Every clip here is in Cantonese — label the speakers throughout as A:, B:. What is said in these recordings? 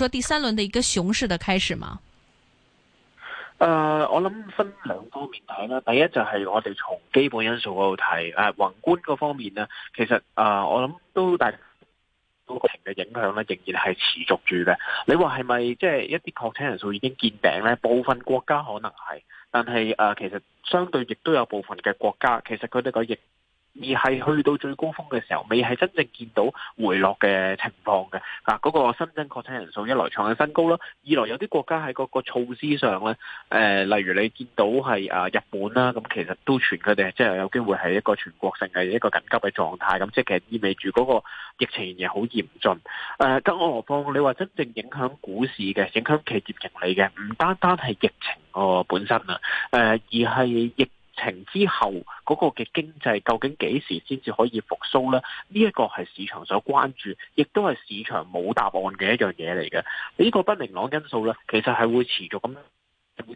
A: 說第三輪的一個熊市的開始嗎？誒、
B: 呃，我諗分兩方面睇啦，第一就係我哋從基本因素嗰度睇，誒、呃、宏觀嗰方面呢，其實誒、呃、我諗都大疫情嘅影響呢仍然係持續住嘅。你話係咪即係一啲確診人數已經見頂呢？部分國家可能係，但係誒、呃、其實相對亦都有部分嘅國家，其實佢哋個疫而係去到最高峰嘅時候，未係真正見到回落嘅情況嘅，嗱、啊、嗰、那個新增確診人數一來創下新高啦，二來有啲國家喺嗰個措施上咧，誒、呃、例如你見到係啊日本啦，咁其實都傳佢哋即係有機會係一個全國性嘅一個緊急嘅狀態，咁即係其實意味住嗰個疫情亦好嚴峻。誒、啊，更何況你話真正影響股市嘅、影響企業盈利嘅，唔單單係疫情個本身啊，誒而係疫停之後，嗰個嘅經濟究竟幾時先至可以復甦咧？呢一個係市場所關注，亦都係市場冇答案嘅一樣嘢嚟嘅。呢個不明朗因素咧，其實係會持續咁樣。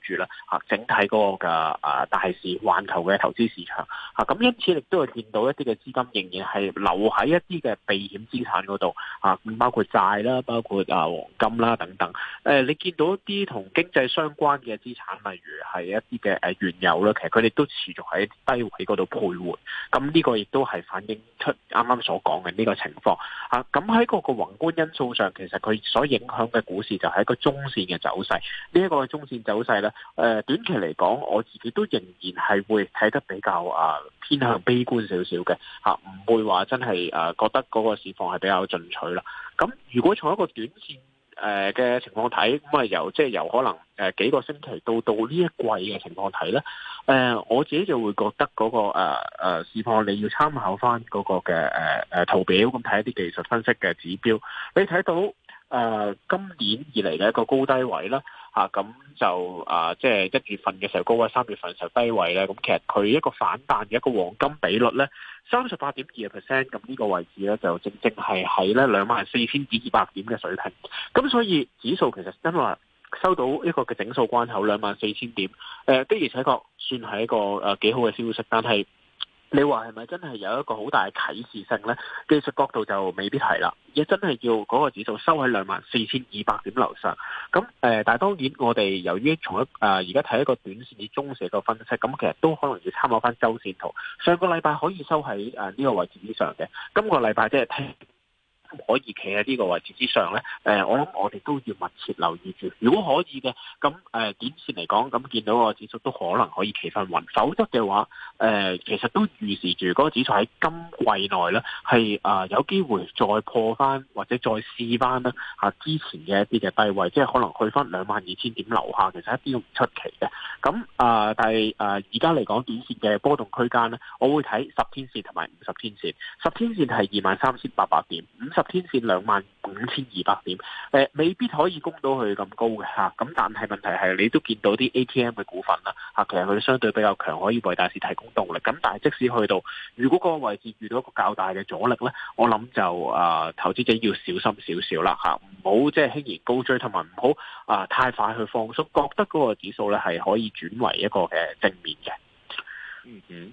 B: 住啦，啊，整體個嘅啊大市環球嘅投資市場，啊，咁因此亦都係見到一啲嘅資金仍然係留喺一啲嘅避險資產嗰度，啊，包括債啦，包括啊黃金啦等等，誒，你見到一啲同經濟相關嘅資產，例如係一啲嘅誒原油啦，其實佢哋都持續喺低位度徘徊，咁呢個亦都係反映出啱啱所講嘅呢個情況，啊，咁喺嗰個宏觀因素上，其實佢所影響嘅股市就係一個中線嘅走勢，呢、呢一個中線走勢。係咧，誒，短期嚟講，我自己都仍然係會睇得比較啊偏向悲觀少少嘅，吓、啊、唔會話真係誒、啊、覺得嗰個市況係比較進取啦。咁如果從一個短線誒嘅情況睇，咁、嗯、啊由即係、就是、由可能誒、呃、幾個星期到到呢一季嘅情況睇咧，誒、呃、我自己就會覺得嗰、那個誒誒、啊、市況你要參考翻嗰、那個嘅誒誒圖表咁睇一啲技術分析嘅指標，你睇到誒、呃、今年以嚟嘅一個高低位啦。啊，咁就啊，即係一月份嘅時候高位，三月份嘅時候低位咧。咁其實佢一個反彈嘅一個黃金比率咧，三十八點二嘅 percent，咁呢個位置咧就正正係喺咧兩萬四千至二百點嘅水平。咁所以指數其實因為收到一個嘅整數關口兩萬四千點，誒、呃、的而且確算係一個誒幾、呃、好嘅消息，但係，你話係咪真係有一個好大嘅啟示性呢？技術角度就未必係啦，也真要真係要嗰個指數收喺兩萬四千二百點樓上。咁誒、呃，但係當然我哋由於從一而家睇一個短線至中線嘅分析，咁其實都可能要參考翻周線圖。上個禮拜可以收喺呢、呃呢個位置以上嘅，今個禮拜即係聽可以企喺呢個位置之上呢、呃。我諗我哋都要密切留意住。如果可以嘅，咁呃短線嚟講，咁見到個指數都可能可以企翻穩。否則嘅話、呃，其實都預示住嗰個指數喺今季內呢，係、呃、有機會再破翻或者再試翻啦之前嘅一啲嘅低位，即係可能去翻兩萬二千點樓下，其實一啲都唔出奇嘅。咁、呃、但係而家嚟講短線嘅波動區間呢，我會睇十天線同埋五十天線。十天線係二萬三千八百點，五十天線兩萬五千二百點，誒、呃，未必可以供到佢咁高嘅吓，咁、啊、但係問題係你都見到啲 ATM 嘅股份啦，吓、啊，其實佢相對比較強，可以為大市提供動力。咁、啊、但係即使去到，如果個位置遇到一個較大嘅阻力咧，我諗就啊，投資者要小心少少啦吓，唔好即係輕言高追，同埋唔好啊太快去放鬆，覺得嗰個指數咧係可以轉為一個嘅正面嘅。嗯哼。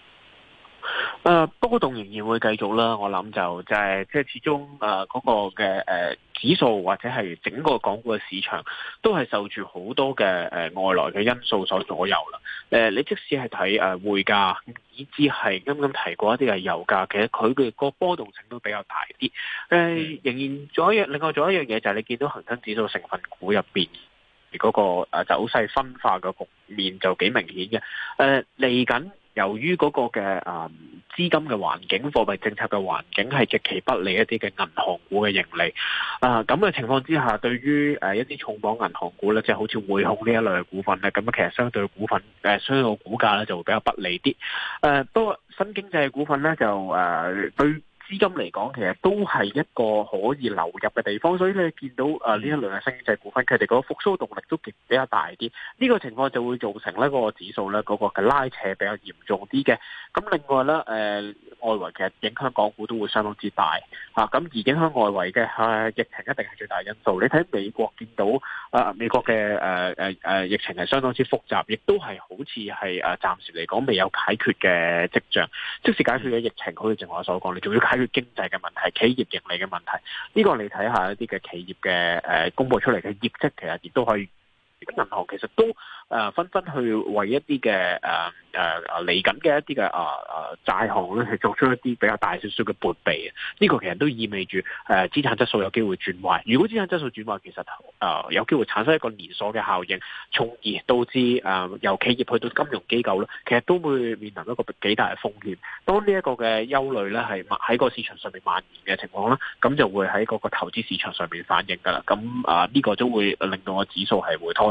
B: 誒，波動仍然會繼續啦。我諗就就係即係始終誒嗰個嘅誒指數或者係整個港股嘅市場都係受住好多嘅誒外來嘅因素所左右啦。誒、嗯呃，你即使係睇誒匯價以至係啱啱提過一啲係油價，其實佢嘅個波動性都比較大啲。誒、呃，仍然仲有一樣另外仲有一樣嘢就係你見到恒生指數成分股入邊嗰個誒走勢分化嘅局面就幾明顯嘅。誒、呃，嚟緊。由於嗰個嘅誒資金嘅環境、貨幣政策嘅環境係極其不利一啲嘅銀行股嘅盈利啊，呃，咁嘅情況之下，對於誒一啲重磅銀行股咧，即係好似匯控呢一類嘅股份咧，咁其實相對股份誒相對股價咧就會比較不利啲。誒、呃，不過新經濟嘅股份咧就、呃、對。資金嚟講，其實都係一個可以流入嘅地方，所以你見到誒呢、呃、一輪嘅新經濟股份，佢哋個復蘇動力都極比較大啲。呢、這個情況就會造成呢個指數咧，嗰、嗰個嘅拉扯比較嚴重啲嘅。咁另外咧，誒、呃。外圍其實影響港股都會相當之大嚇，咁、啊、而影響外圍嘅誒疫情一定係最大因素。你睇美國見到誒、啊、美國嘅誒誒誒疫情係相當之複雜，亦都係好似係誒暫時嚟講未有解決嘅跡象。即使解決嘅疫情，好似正話所講，你仲要解決經濟嘅問題、企業盈利嘅問題。呢、這個你睇下一啲嘅企業嘅誒、啊、公佈出嚟嘅業績，其實亦都可以。銀行其實都誒紛紛去為一啲嘅誒誒嚟緊嘅一啲嘅誒誒債項咧，係、呃、作出一啲比較大少少嘅撥備。呢、這個其實都意味住誒資產質素有機會轉壞。如果資產質素轉壞，其實誒、呃、有機會產生一個連鎖嘅效應，從而導致誒、呃、由企業去到金融機構咧，其實都會面臨一個幾大嘅風險。當呢一個嘅憂慮咧係喺個市場上面蔓延嘅情況咧，咁就會喺嗰個投資市場上面反映噶啦。咁啊呢個都會令到個指數係回吐。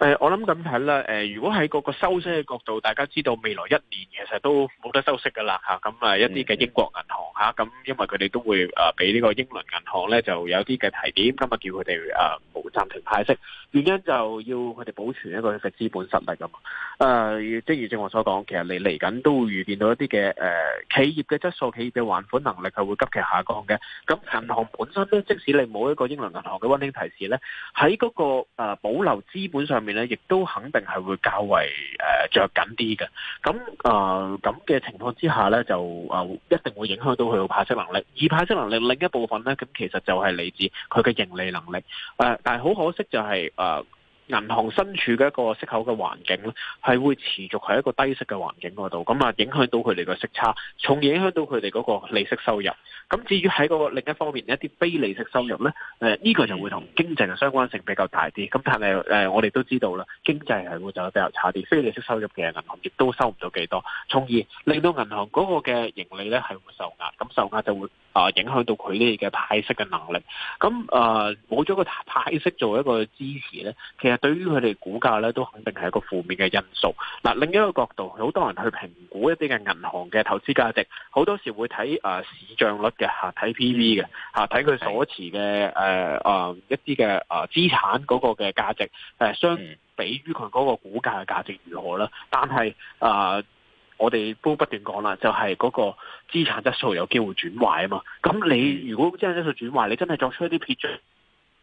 B: 誒，我諗咁睇啦。誒，如果喺嗰個收息嘅角度，大家知道未來一年其實都冇得收息噶啦吓。咁啊，一啲嘅英國銀行吓，咁因為佢哋都會誒俾呢個英倫銀行咧，就有啲嘅提點。今日叫佢哋誒冇暫停派息，原因就要佢哋保存一個嘅資本實力啊嘛。誒，正如正話所講，其實你嚟緊都會遇見到一啲嘅誒企業嘅質素、企業嘅還款能力係會急劇下降嘅。咁銀行本身咧，即使你冇一個英倫銀行嘅溫馨提示咧，喺嗰個誒保留資本上面。亦都肯定係會較為誒、呃、着緊啲嘅。咁誒、咁、呃、嘅情況之下咧，就誒、呃、一定會影響到佢嘅派息能力。而派息能力另一部分咧，咁其實就係嚟自佢嘅盈利能力。誒、呃，但係好可惜就係、是、誒。呃銀行身處嘅一個息口嘅環境咧，係會持續喺一個低息嘅環境嗰度，咁啊影響到佢哋個息差，從而影響到佢哋嗰個利息收入。咁至於喺嗰個另一方面，一啲非利息收入咧，誒、呃、呢、呢個就會同經濟嘅相關性比較大啲。咁但係誒、呃，我哋都知道啦，經濟係會走得比較差啲，非利息收入嘅銀行亦都收唔到幾多，從而令到銀行嗰個嘅盈利咧係會受壓，咁受壓就會。啊！影響到佢哋嘅派息嘅能力，咁、嗯、啊冇咗個派息做一個支持呢，其實對於佢哋股價呢，都肯定係一個負面嘅因素。嗱、啊，另一個角度，好多人去評估一啲嘅銀行嘅投資價值，好多時會睇啊市賬率嘅吓、睇、啊、P V 嘅吓、睇佢所持嘅誒、啊啊、一啲嘅啊資產嗰個嘅價值、啊，相比於佢嗰個股價嘅價值如何啦？但係啊～我哋都不斷講啦，就係、是、嗰個資產質素有機會轉壞啊嘛。咁你如果資產質素轉壞，你真係作出一啲撇賬。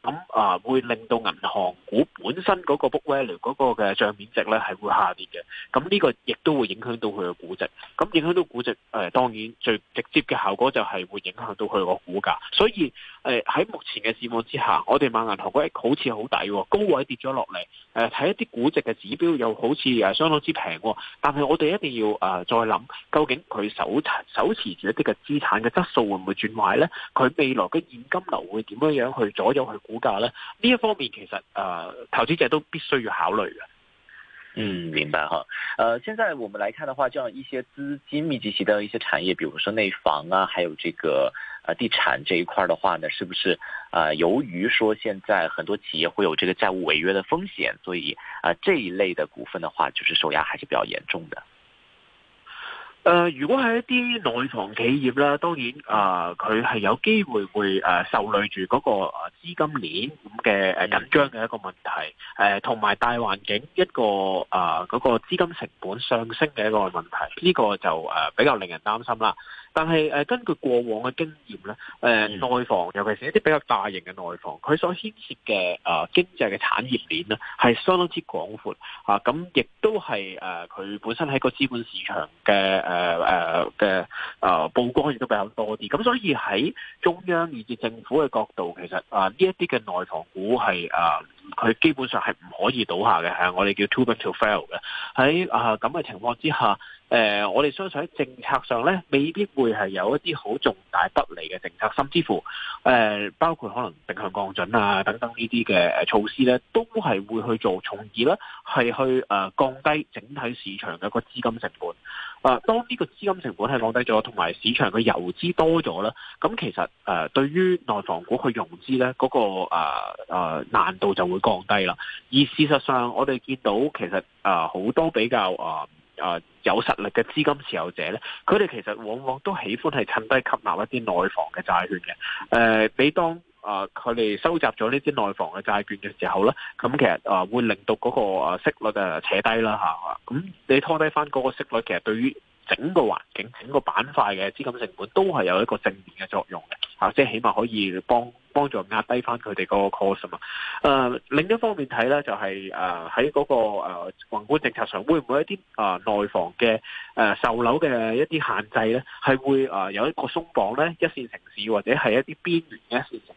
B: 咁啊，會令到銀行股本身嗰個 book value 嗰個嘅賬面值咧係會下跌嘅。咁、這、呢個亦都會影響到佢嘅估值。咁影響到估值誒，當然最直接嘅效果就係會影響到佢個股價。所以誒喺目前嘅市況之下，我哋買銀行股好似好抵，高位跌咗落嚟。誒，睇一啲估值嘅指標又好似誒相當之平。但係我哋一定要誒再諗，究竟佢手手持住一啲嘅資產嘅質素會唔會轉壞咧？佢未來嘅現金流會點樣樣去左右佢股價了，呢一方面其實啊投資者都必須要考慮的。嗯，明白哈。呃，現在我們來看的話，這樣一些資金密集型的一些產業，比如說內房啊，還有這個呃地產這一塊的話呢，是不是呃由於說現在很多企業會有這個債務違約的風險，所以啊，呃，這一類的股份的話，就是受壓還是比較嚴重的。誒、呃，如果係一啲內房企業啦，當然啊，佢、呃、係有機會會誒受累住嗰個資資金鏈咁嘅誒緊張嘅一個問題，誒同埋大環境一個誒嗰、呃那個資金成本上升嘅一個問題，呢、這個就誒比較令人擔心啦。但係、呃、根據過往嘅經驗咧，誒、呃、內、嗯、房尤其是一啲比較大型嘅內房，佢所牽涉嘅誒、呃、經濟嘅產業鏈咧，係相當之廣闊啊，咁、呃、亦都係誒佢本身喺個資本市場嘅誒。呃誒誒嘅啊，啊，啊曝光亦都比較多啲，咁所以喺中央以至政府嘅角度，其實啊呢一啲嘅內房股係啊，佢、啊、基本上係唔可以倒下嘅，係我哋叫 too big to fail 嘅。喺啊咁嘅情況之下，誒、啊、我哋相信喺政策上咧，未必會係有一啲好重大不利嘅政策，甚至乎誒、啊、包括可能定向降準啊等等呢啲嘅措施咧，都係會去做從，從而咧係去誒、啊、降低整體市場嘅個資金成本。啊！當呢個資金成本係降低咗，同埋市場嘅遊資多咗咧，咁其實誒、呃，對於內房股去融資咧，嗰、那個誒誒、呃呃、難度就會降低啦。而事實上，我哋見到其實誒好、呃、多比較誒誒、呃呃、有實力嘅資金持有者咧，佢哋其實往往都喜歡係趁低吸納一啲內房嘅債券嘅。誒、呃，你當。啊！佢哋收集咗呢啲內房嘅債券嘅時候咧，咁、嗯、其實啊會令到嗰個息率啊扯低啦嚇。咁、啊啊嗯、你拖低翻嗰個息率，其實對於整個環境、整個板塊嘅資金成本都係有一個正面嘅作用嘅嚇、啊。即係起碼可以幫幫助壓低翻佢哋嗰個 cost 嘛、啊。誒另一方面睇咧，就係誒喺嗰個誒、啊、宏觀政策上，會唔會一啲啊內房嘅誒、啊、售樓嘅一啲限制咧，係會啊有一個鬆綁咧？一線城市或者係一啲邊緣嘅一線城市。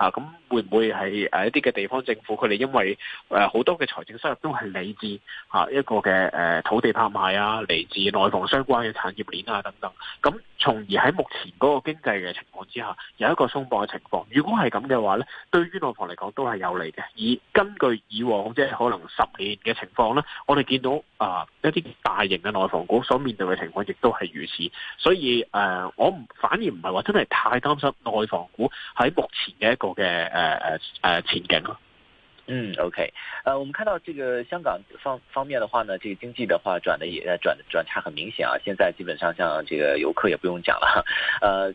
B: 啊，咁會唔會係一啲嘅地方政府佢哋因為誒好、啊、多嘅財政收入都係嚟自嚇一個嘅誒、啊、土地拍賣啊，嚟自內房相關嘅產業鏈啊等等，咁、啊、從而喺目前嗰個經濟嘅情況之下有一個鬆綁嘅情況。如果係咁嘅話咧，對於內房嚟講都係有利嘅。而根據以往即係可能十年嘅情況咧，我哋見到啊一啲大型嘅內房股所面對嘅情況亦都係如此。所以誒、啊，我反而唔係話真係太擔心內房股喺目前嘅一個。ok，呃，呃，呃，前景咯，嗯，OK，呃，我們看到這個香港方方面的話呢，這個經濟的話轉的也轉轉差很明顯啊，現在基本上像這個遊客也不用講了，呃。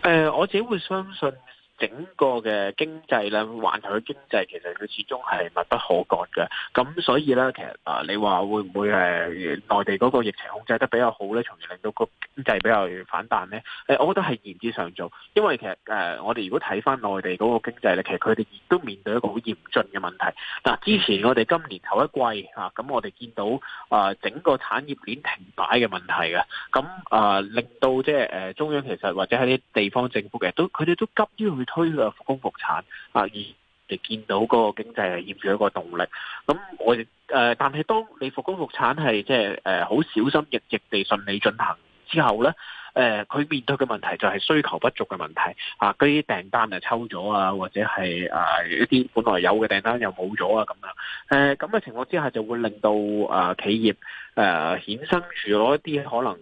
B: 誒、呃，我自己會相信。整個嘅經濟咧，環球嘅經濟其實佢始終係密不可割嘅。咁所以咧，其實啊，你話會唔會係內地嗰個疫情控制得比較好咧，從而令到個經濟比較反彈咧？誒，我覺得係言之尚早，因為其實誒，我哋如果睇翻內地嗰個經濟咧，其實佢哋亦都面對一個好嚴峻嘅問題。嗱，之前我哋今年頭一季啊，咁我哋見到啊整個產業鏈停擺嘅問題嘅，咁啊令到即係誒中央其實或者喺啲地方政府嘅都佢哋都急於去。推嘅復工復產啊，而嚟見到嗰個經濟係欠缺一個動力。咁我哋誒、呃，但係當你復工復產係即係誒好小心翼翼地順利進行之後咧，誒、呃、佢面對嘅問題就係需求不足嘅問題啊，嗰啲訂單就抽咗啊，或者係誒一啲本來有嘅訂單又冇咗啊咁樣。誒咁嘅情況之下，就會令到誒、啊、企業誒、啊、衍生住咗一啲可能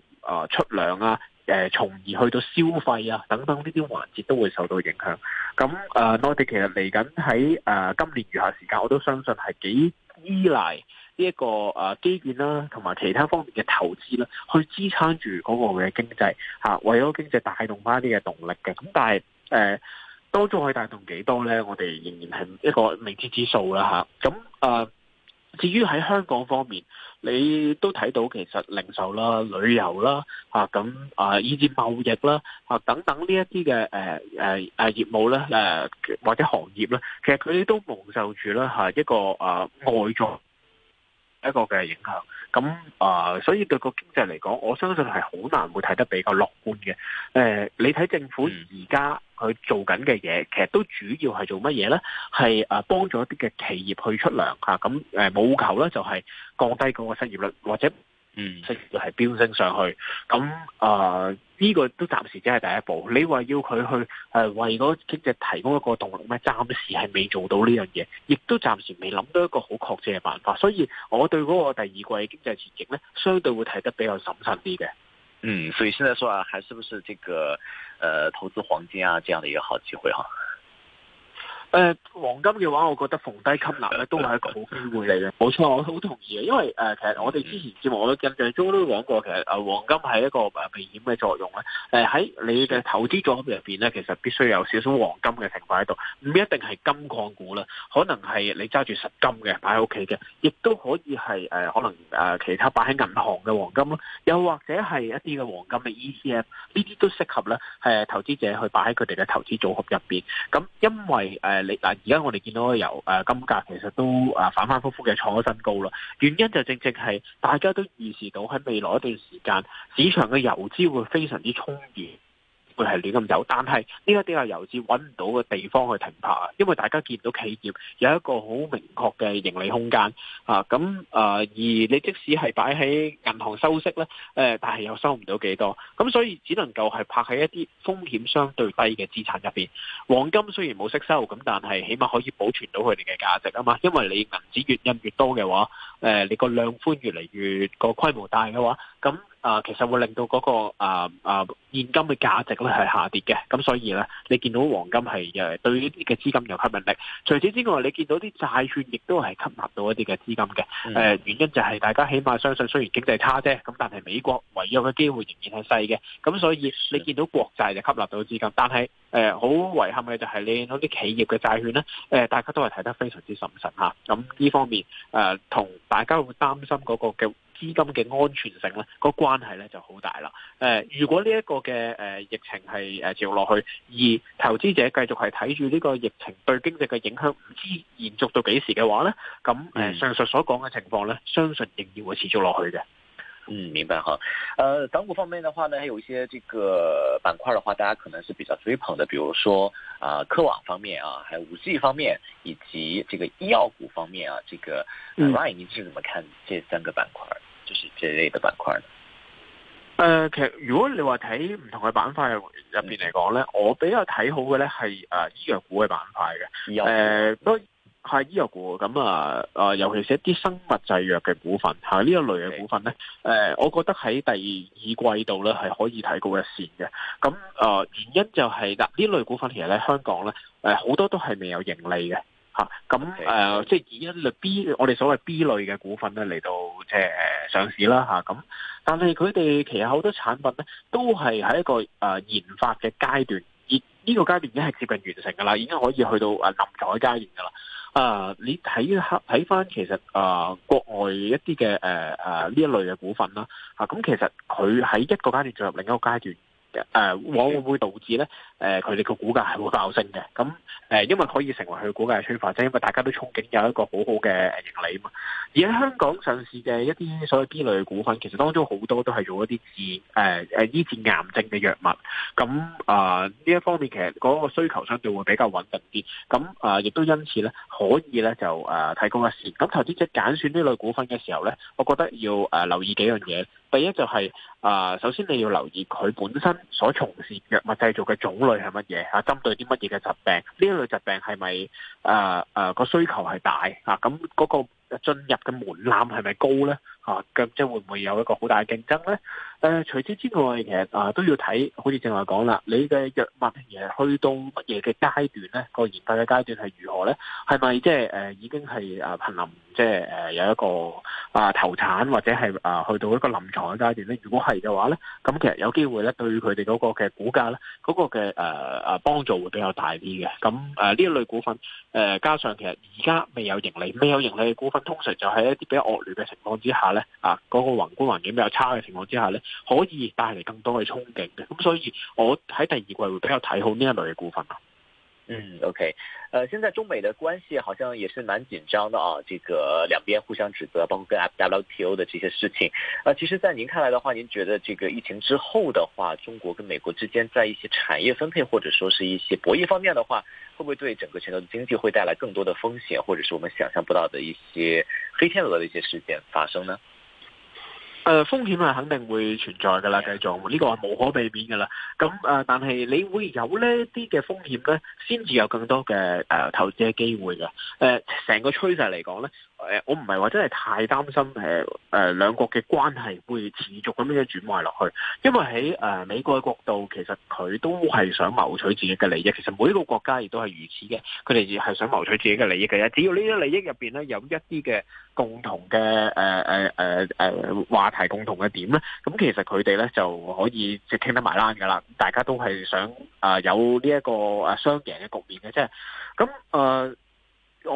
B: 誒出糧啊。誒，從而去到消費啊，等等呢啲環節都會受到影響。咁誒、呃，我哋其實嚟緊喺誒今年餘下時間，我都相信係幾依賴呢一個誒、呃、基建啦、啊，同埋其他方面嘅投資啦、啊，去支撐住嗰個嘅經濟嚇、啊，為咗經濟帶動翻啲嘅動力嘅。咁但係誒，當、呃、中可以帶動幾多咧？我哋仍然係一個未知之數啦、啊，咁、啊、誒。啊至於喺香港方面，你都睇到其實零售啦、旅遊啦、咁啊、啊，以至貿易啦、啊、等等呢一啲嘅誒誒誒業務咧誒或者行業咧，其實佢哋都蒙受住啦嚇一個啊外在一個嘅影響。咁啊、呃，所以對個經濟嚟講，我相信係好難會睇得比較樂觀嘅。誒、呃，你睇政府而家去做緊嘅嘢，嗯、其實都主要係做乜嘢咧？係誒幫助一啲嘅企業去出糧，咁務求咧就係、是、降低個失業率，或者嗯失業率係飆升上去。咁啊、嗯。呢個都暫時只係第一步，你話要佢去誒、呃、為嗰經濟提供一個動力咩，暫時係未做到呢樣嘢，亦都暫時未諗到一個好確切嘅辦法，所以我對嗰個第二季嘅經濟前景咧，相對會睇得比較審慎啲嘅。嗯，所以現在說話、啊、係是不是這個誒、呃、投資黃金啊，這樣的一個好機會哈、啊？誒、呃，黃金嘅話，我覺得逢低吸納咧都係一個好機會嚟嘅。冇錯、嗯，我好同意嘅。因為誒、呃，其實我哋之前節目，我都印象中都講過，其實誒、呃、黃金係一個避險嘅作用咧。誒、呃、喺你嘅投資組合入邊咧，其實必須有少少黃金嘅成分喺度，唔一定係金礦股啦，可能係你揸住實金嘅擺喺屋企嘅，亦都可以係誒、呃、可能誒、呃、其他擺喺銀行嘅黃金咯，又或者係一啲嘅黃金嘅 ETF，呢啲都適合咧，係、呃、投資者去擺喺佢哋嘅投資組合入邊。咁因為誒、呃你嗱，而家、啊、我哋見到嘅油誒、啊、金價其實都誒、啊、反反覆覆嘅創咗新高啦，原因就正正係大家都預示到喺未來一段時間市場嘅游資會非常之充裕。會係亂咁走，但係呢一啲啊游資揾唔到嘅地方去停泊啊，因為大家見到企業有一個好明確嘅盈利空間啊，咁啊而你即使係擺喺銀行收息咧，誒、啊、但係又收唔到幾多少，咁所以只能夠係拍喺一啲風險相對低嘅資產入邊。黃金雖然冇息收，咁但係起碼可以保存到佢哋嘅價值啊嘛，因為你銀紙越印越多嘅話，誒、啊、你個量寬越越個量寬越嚟越個規模大嘅話，咁。啊、呃，其實會令到嗰、那個啊啊、呃呃、現金嘅價值咧係下跌嘅，咁所以咧，你見到黃金係誒、呃、對呢啲嘅資金有吸引力。除此之外，你見到啲債券亦都係吸納到一啲嘅資金嘅。誒、呃、原因就係大家起碼相信，雖然經濟差啫，咁但係美國違約嘅機會仍然係細嘅。咁所以你見到國債就吸納到資金，但係誒好遺憾嘅就係你見啲企業嘅債券咧，誒、呃、大家都係睇得非常之審慎吓。咁、啊、呢方面誒、呃、同大家會擔心嗰個嘅資金嘅安全性咧，嗰個關係咧就好大啦。誒、呃，如果呢一個嘅誒、呃、疫情係誒持續落去，而投資者繼續係睇住呢個疫情對經濟嘅影響唔知延續到幾時嘅話咧，咁誒、呃、上述所講嘅情況咧，相信仍然會持續落去嘅。嗯，明白哈。誒、呃，港股方面嘅話咧，有一些這個板塊嘅話，大家可能是比較追捧嘅，比如說啊、呃，科網方面啊，還有五 G 方面，以及這個醫藥股方面啊，這個 line，您是怎麼看這三個板塊？即係呢個板塊。誒、呃，其實如果你話睇唔同嘅板塊入入邊嚟講咧，嗯、我比較睇好嘅咧係誒醫藥股嘅板塊嘅。誒、嗯，都係、呃、醫藥股。咁、嗯、啊，誒、呃，尤其是一啲生物製藥嘅股份，吓呢一類嘅股份咧。誒、嗯呃，我覺得喺第二季度咧係可以睇高一線嘅。咁、嗯、誒、呃，原因就係、是、嗱，呢、呃、類股份其實喺香港咧，誒、呃、好多都係未有盈利嘅。咁誒、呃，即係以一類 B，我哋所謂 B 類嘅股份咧，嚟到即係誒上市啦，嚇咁。但係佢哋其實好多產品咧，都係喺一個誒、呃、研發嘅階段，而、這、呢個階段已經係接近完成㗎啦，已經可以去到誒臨採階段㗎啦。誒、啊，你睇下睇翻其實誒、呃、國外一啲嘅誒誒呢一類嘅股份啦，嚇，咁、啊啊、其實佢喺一個階段進入另一個階段。誒，往往、啊、會，會導致咧，誒、呃，佢哋個股價係會爆升嘅。咁，誒、呃，因為可以成為佢股價嘅催化劑，就是、因為大家都憧憬有一個好好嘅盈利啊嘛。而喺香港上市嘅一啲所謂 B 類股份，其實當中好多都係做一啲治，誒，誒，醫治癌症嘅藥物。咁啊，呢、呃、一方面其實嗰個需求相對會比較穩定啲。咁啊、呃，亦都因此咧，可以咧就誒、呃、提供一線。咁投資者揀選呢類股份嘅時候咧，我覺得要誒、呃、留意幾樣嘢。第一就係、是、啊、呃，首先你要留意佢本身所從事藥物製造嘅種類係乜嘢嚇，針對啲乜嘢嘅疾病，呢一類疾病係咪啊啊個需求係大啊？咁嗰個進入嘅門檻係咪高呢？啊，咁即係會唔會有一個好大嘅競爭咧？誒、啊，除此之外，其實啊都要睇，好似正話講啦，你嘅藥物其實去到乜嘢嘅階段咧？個研發嘅階段係如何咧？係咪即係已經係啊瀕臨即係有一個啊投產或者係啊去到一個臨床嘅階段咧？如果係嘅話咧，咁其實有機會咧對佢哋嗰個嘅股價咧嗰、嗰個嘅誒誒幫助會比較大啲嘅。咁誒呢一類股份誒、啊、加上其實而家未有盈利、未有盈利嘅股份，通常就喺一啲比較惡劣嘅情況之下咧。啊，嗰、那個宏觀環境比較差嘅情況之下呢，可以帶嚟更多嘅憧憬嘅，咁所以我喺第二季會比較睇好呢一類嘅股份、啊、嗯，OK，誒、呃，現在中美嘅關係好像也是蠻緊張的啊，這個兩邊互相指責，包括跟 WTO 的這些事情。啊、呃，其實，在您看來的話，您覺得這個疫情之後的話，中國跟美國之間在一些產業分配或者說是一些博弈方面的話，會不會對整個全球經濟會帶來更多的風險，或者是我們想象不到的一些？飛車落嚟只事件發生啦，誒、呃，風險係肯定會存在噶啦，繼續呢、呢個係無可避免噶啦。咁誒、呃，但係你會有這些呢一啲嘅風險咧，先至有更多嘅誒、呃、投資嘅機會噶。誒、呃，成個趨勢嚟講咧。誒，我唔係話真係太擔心誒誒、呃、兩國嘅關係會持續咁樣樣轉壞落去，因為喺誒、呃、美國嘅角度，其實佢都係想謀取自己嘅利益。其實每一個國家亦都係如此嘅，佢哋亦係想謀取自己嘅利益嘅啫。只要呢啲利益入邊咧有一啲嘅共同嘅誒誒誒誒話題、共同嘅點咧，咁、嗯、其實佢哋咧就可以即係傾得埋欄噶啦。大家都係想誒、呃、有呢、這、一個誒雙、啊、贏嘅局面嘅，即係咁誒。呃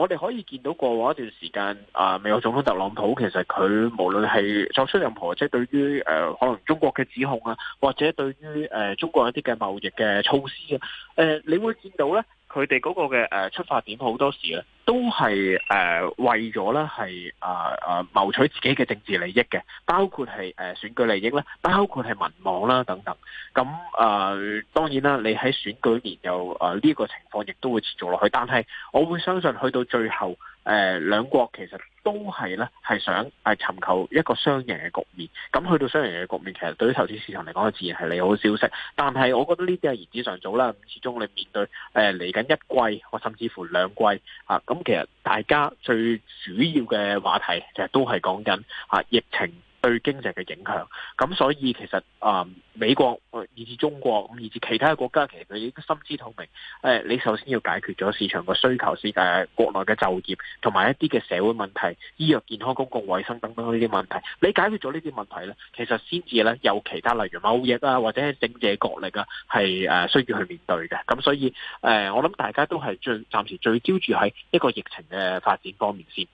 B: 我哋可以見到過往一段時間啊，美國總統特朗普其實佢無論係作出任何即係、就是、對於誒、呃、可能中國嘅指控啊，或者對於誒、呃、中國一啲嘅貿易嘅措施啊，誒、呃，你會見到咧。佢哋嗰個嘅誒出發點好多時咧，都係誒為咗咧係啊啊謀取自己嘅政治利益嘅，包括係誒選舉利益咧，包括係民望啦等等。咁啊，當然啦，你喺選舉年又啊呢個情況亦都會持續落去，但係我會相信去到最後，誒兩、呃、國其實都係咧係想係尋求一個雙贏嘅局面，咁去到雙贏嘅局面，其實對於投資市場嚟講，就自然係利好消息。但係我覺得呢啲係言之尚早啦。咁始終你面對誒嚟緊一季，我甚至乎兩季啊，咁、嗯、其實大家最主要嘅話題，其實都係講緊啊疫情。對經濟嘅影響，咁所以其實啊、嗯，美國、呃，以至中國，咁、呃、以至其他嘅國家，其實佢已經心知肚明。誒、呃，你首先要解決咗市場嘅需求，市、呃、誒國內嘅就業，同埋一啲嘅社會問題、醫藥健康、公共衛生等等呢啲問題。你解決咗呢啲問題咧，其實先至咧有其他例如貿易啊，或者係政治角力啊，係誒、呃、需要去面對嘅。咁所以誒、呃，我諗大家都係最暫時最聚焦住喺一個疫情嘅發展方面先。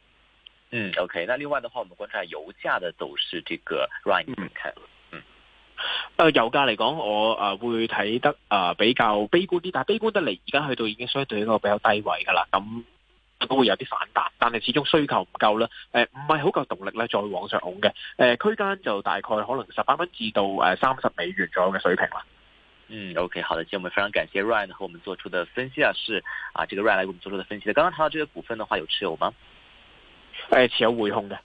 B: 嗯，OK，那另外的話，我們觀察油價的都是這個 Ryan，嗯，嗯，誒、呃，油價嚟講，我誒、呃、會睇得、呃、比較悲觀啲，但係悲觀得嚟，而家去到已經相對一個比較低位噶啦，咁都會有啲反彈，但係始終需求唔夠啦，誒唔係好夠動力咧再往上拱嘅，誒、呃、區間就大概可能十八蚊至到誒三十美元左右嘅水平啦。嗯，OK，好的，的志有冇分享嘅？即係 Ryan 和我們做出的分析啊，是啊，這個 Ryan 給我們做出的分析。剛剛睇到這個股份的話，有持有嗎？誒，設有回控的。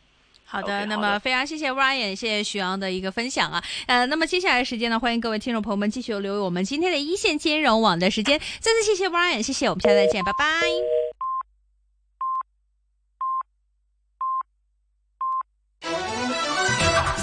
A: 好的，okay, 那麼的非常謝謝 Ryan，謝謝徐昂的一個分享啊、呃。那麼接下來時間呢，歡迎各位聽眾朋友們繼續留意我們今天的一線金融網的時間。再次謝謝 Ryan，謝謝，我們下次再見，拜拜。